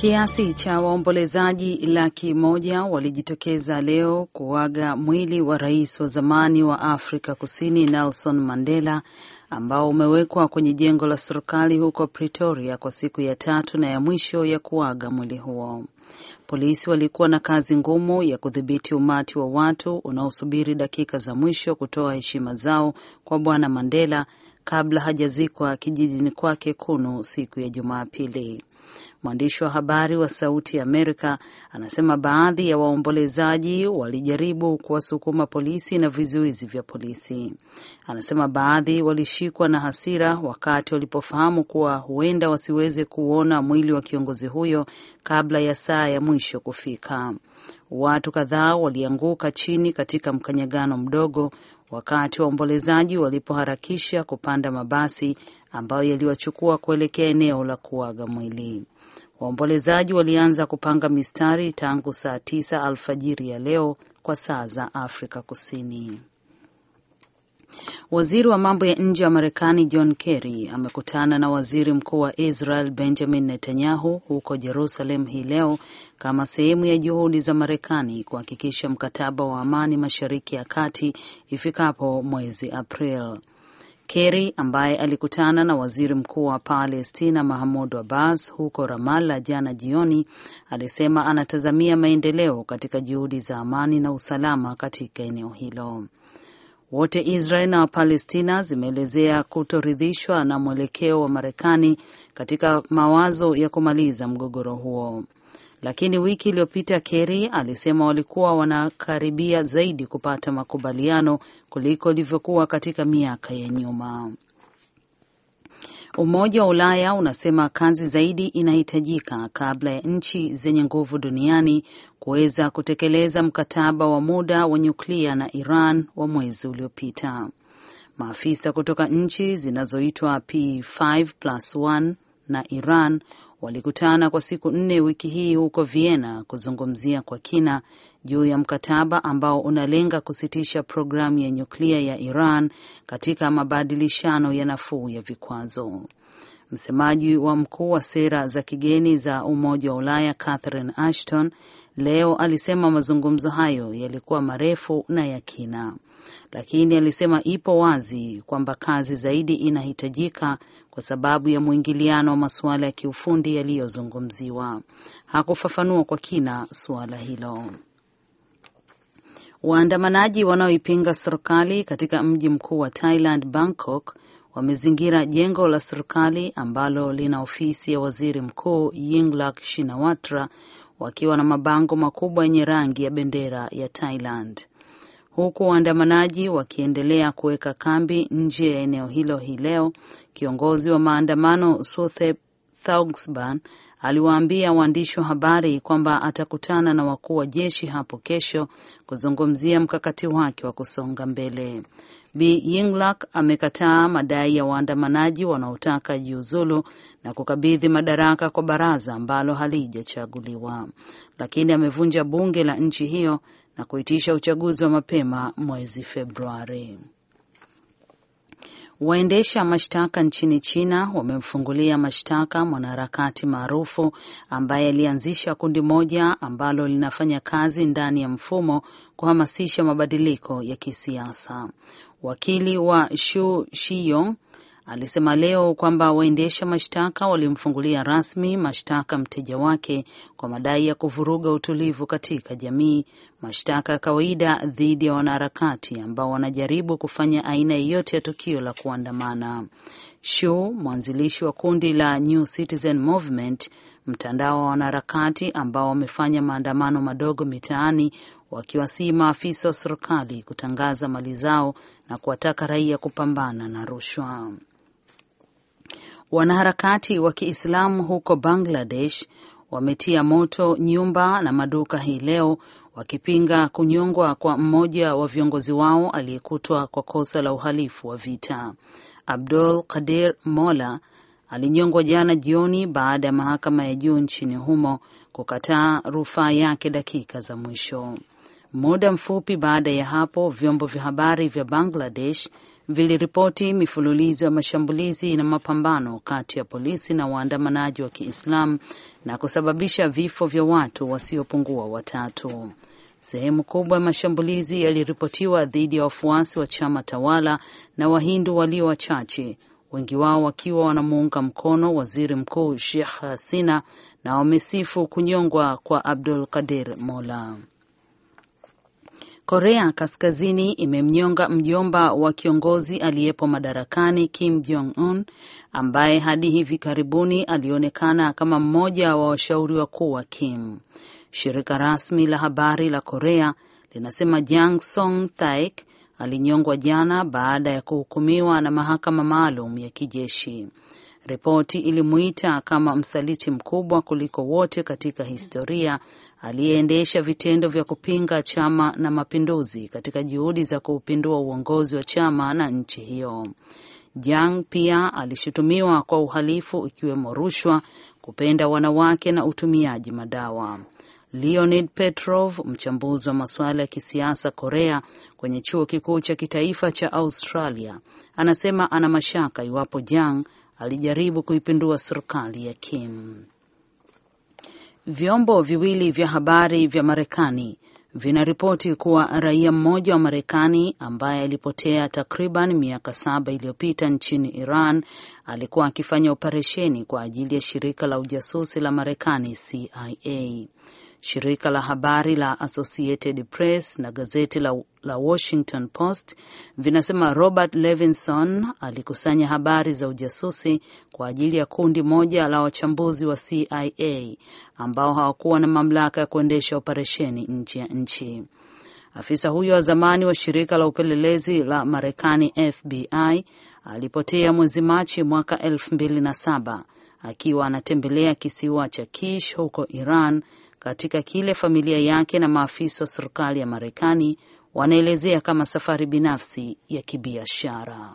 Kiasi cha waombolezaji laki moja walijitokeza leo kuaga mwili wa rais wa zamani wa Afrika Kusini Nelson Mandela ambao umewekwa kwenye jengo la serikali huko Pretoria kwa siku ya tatu na ya mwisho ya kuaga mwili huo. Polisi walikuwa na kazi ngumu ya kudhibiti umati wa watu unaosubiri dakika za mwisho kutoa heshima zao kwa Bwana Mandela kabla hajazikwa kijijini kwake Kunu siku ya Jumapili. Mwandishi wa habari wa Sauti ya Amerika anasema baadhi ya waombolezaji walijaribu kuwasukuma polisi na vizuizi vya polisi. Anasema baadhi walishikwa na hasira wakati walipofahamu kuwa huenda wasiweze kuona mwili wa kiongozi huyo kabla ya saa ya mwisho kufika. Watu kadhaa walianguka chini katika mkanyagano mdogo wakati waombolezaji walipoharakisha kupanda mabasi ambayo yaliwachukua kuelekea eneo la kuaga mwili. Waombolezaji walianza kupanga mistari tangu saa tisa alfajiri ya leo kwa saa za Afrika Kusini. Waziri wa mambo ya nje wa Marekani John Kerry amekutana na waziri mkuu wa Israel Benjamin Netanyahu huko Jerusalem hii leo kama sehemu ya juhudi za Marekani kuhakikisha mkataba wa amani Mashariki ya Kati ifikapo mwezi April. Kerry ambaye alikutana na waziri mkuu wa Palestina Mahmud Abbas huko Ramala jana jioni, alisema anatazamia maendeleo katika juhudi za amani na usalama katika eneo hilo. Wote Israel na Wapalestina zimeelezea kutoridhishwa na mwelekeo wa Marekani katika mawazo ya kumaliza mgogoro huo lakini wiki iliyopita Kerry alisema walikuwa wanakaribia zaidi kupata makubaliano kuliko ilivyokuwa katika miaka ya nyuma. Umoja wa Ulaya unasema kazi zaidi inahitajika kabla ya nchi zenye nguvu duniani kuweza kutekeleza mkataba wa muda wa nyuklia na Iran wa mwezi uliopita. Maafisa kutoka nchi zinazoitwa P5+1 na Iran walikutana kwa siku nne wiki hii huko Vienna kuzungumzia kwa kina juu ya mkataba ambao unalenga kusitisha programu ya nyuklia ya Iran katika mabadilishano ya nafuu ya vikwazo. Msemaji wa mkuu wa sera za kigeni za Umoja wa Ulaya Catherine Ashton leo alisema mazungumzo hayo yalikuwa marefu na ya kina lakini alisema ipo wazi kwamba kazi zaidi inahitajika kwa sababu ya mwingiliano wa masuala ya kiufundi yaliyozungumziwa. Hakufafanua kwa kina suala hilo. Waandamanaji wanaoipinga serikali katika mji mkuu wa Thailand, Bangkok, wamezingira jengo la serikali ambalo lina ofisi ya waziri mkuu Yingluck Shinawatra wakiwa na mabango makubwa yenye rangi ya bendera ya Thailand huku waandamanaji wakiendelea kuweka kambi nje ya eneo hilo hii leo. Kiongozi wa maandamano Suthe Thaugsban aliwaambia waandishi wa habari kwamba atakutana na wakuu wa jeshi hapo kesho kuzungumzia mkakati wake wa kusonga mbele. Bi Yinglak amekataa madai ya waandamanaji wanaotaka jiuzulu na kukabidhi madaraka kwa baraza ambalo halijachaguliwa, lakini amevunja bunge la nchi hiyo na kuitisha uchaguzi wa mapema mwezi Februari. Waendesha mashtaka nchini China wamemfungulia mashtaka mwanaharakati maarufu ambaye alianzisha kundi moja ambalo linafanya kazi ndani ya mfumo kuhamasisha mabadiliko ya kisiasa. Wakili wa Shu Shiyong alisema leo kwamba waendesha mashtaka walimfungulia rasmi mashtaka mteja wake kwa madai ya kuvuruga utulivu katika jamii, mashtaka ya kawaida dhidi ya wanaharakati ambao wanajaribu kufanya aina yeyote ya tukio la kuandamana. Shu, mwanzilishi wa kundi la New Citizen Movement, mtandao wa wanaharakati ambao wamefanya maandamano madogo mitaani wakiwa maafisa wa serikali kutangaza mali zao na kuwataka raia kupambana na rushwa. Wanaharakati wa Kiislamu huko Bangladesh wametia moto nyumba na maduka hii leo wakipinga kunyongwa kwa mmoja wa viongozi wao aliyekutwa kwa kosa la uhalifu wa vita. Abdul Qadir Mola alinyongwa jana jioni baada ya mahakama ya juu nchini humo kukataa rufaa yake dakika za mwisho. Muda mfupi baada ya hapo, vyombo vya habari vya Bangladesh viliripoti mifululizo ya mashambulizi na mapambano kati ya polisi na waandamanaji wa Kiislamu na kusababisha vifo vya watu wasiopungua watatu. Sehemu kubwa ya mashambulizi yaliripotiwa dhidi ya wafuasi wa chama tawala na Wahindu walio wachache, wengi wao wakiwa wanamuunga mkono waziri mkuu Sheikh Hasina na wamesifu kunyongwa kwa Abdul kadir Mola. Korea Kaskazini imemnyonga mjomba wa kiongozi aliyepo madarakani Kim Jong Un ambaye hadi hivi karibuni alionekana kama mmoja wa washauri wakuu wa Kim. Shirika rasmi la habari la Korea linasema Jang Song Taek alinyongwa jana baada ya kuhukumiwa na mahakama maalum ya kijeshi. Ripoti ilimuita kama msaliti mkubwa kuliko wote katika historia aliyeendesha vitendo vya kupinga chama na mapinduzi katika juhudi za kuupindua uongozi wa chama na nchi hiyo. Jiang pia alishutumiwa kwa uhalifu ikiwemo rushwa, kupenda wanawake na utumiaji madawa. Leonid Petrov, mchambuzi wa masuala ya kisiasa Korea kwenye chuo kikuu cha kitaifa cha Australia, anasema ana mashaka iwapo Jiang alijaribu kuipindua serikali ya Kim. Vyombo viwili vya habari vya Marekani vinaripoti kuwa raia mmoja wa Marekani ambaye alipotea takriban miaka saba iliyopita nchini Iran alikuwa akifanya operesheni kwa ajili ya shirika la ujasusi la Marekani CIA. Shirika la habari la Associated Press na gazeti la, la Washington Post vinasema Robert Levinson alikusanya habari za ujasusi kwa ajili ya kundi moja la wachambuzi wa CIA ambao hawakuwa na mamlaka ya kuendesha operesheni nje ya nchi. Afisa huyo wa zamani wa shirika la upelelezi la Marekani FBI alipotea mwezi Machi mwaka 27 akiwa anatembelea kisiwa cha Kish huko Iran katika kile familia yake na maafisa wa serikali ya Marekani wanaelezea kama safari binafsi ya kibiashara.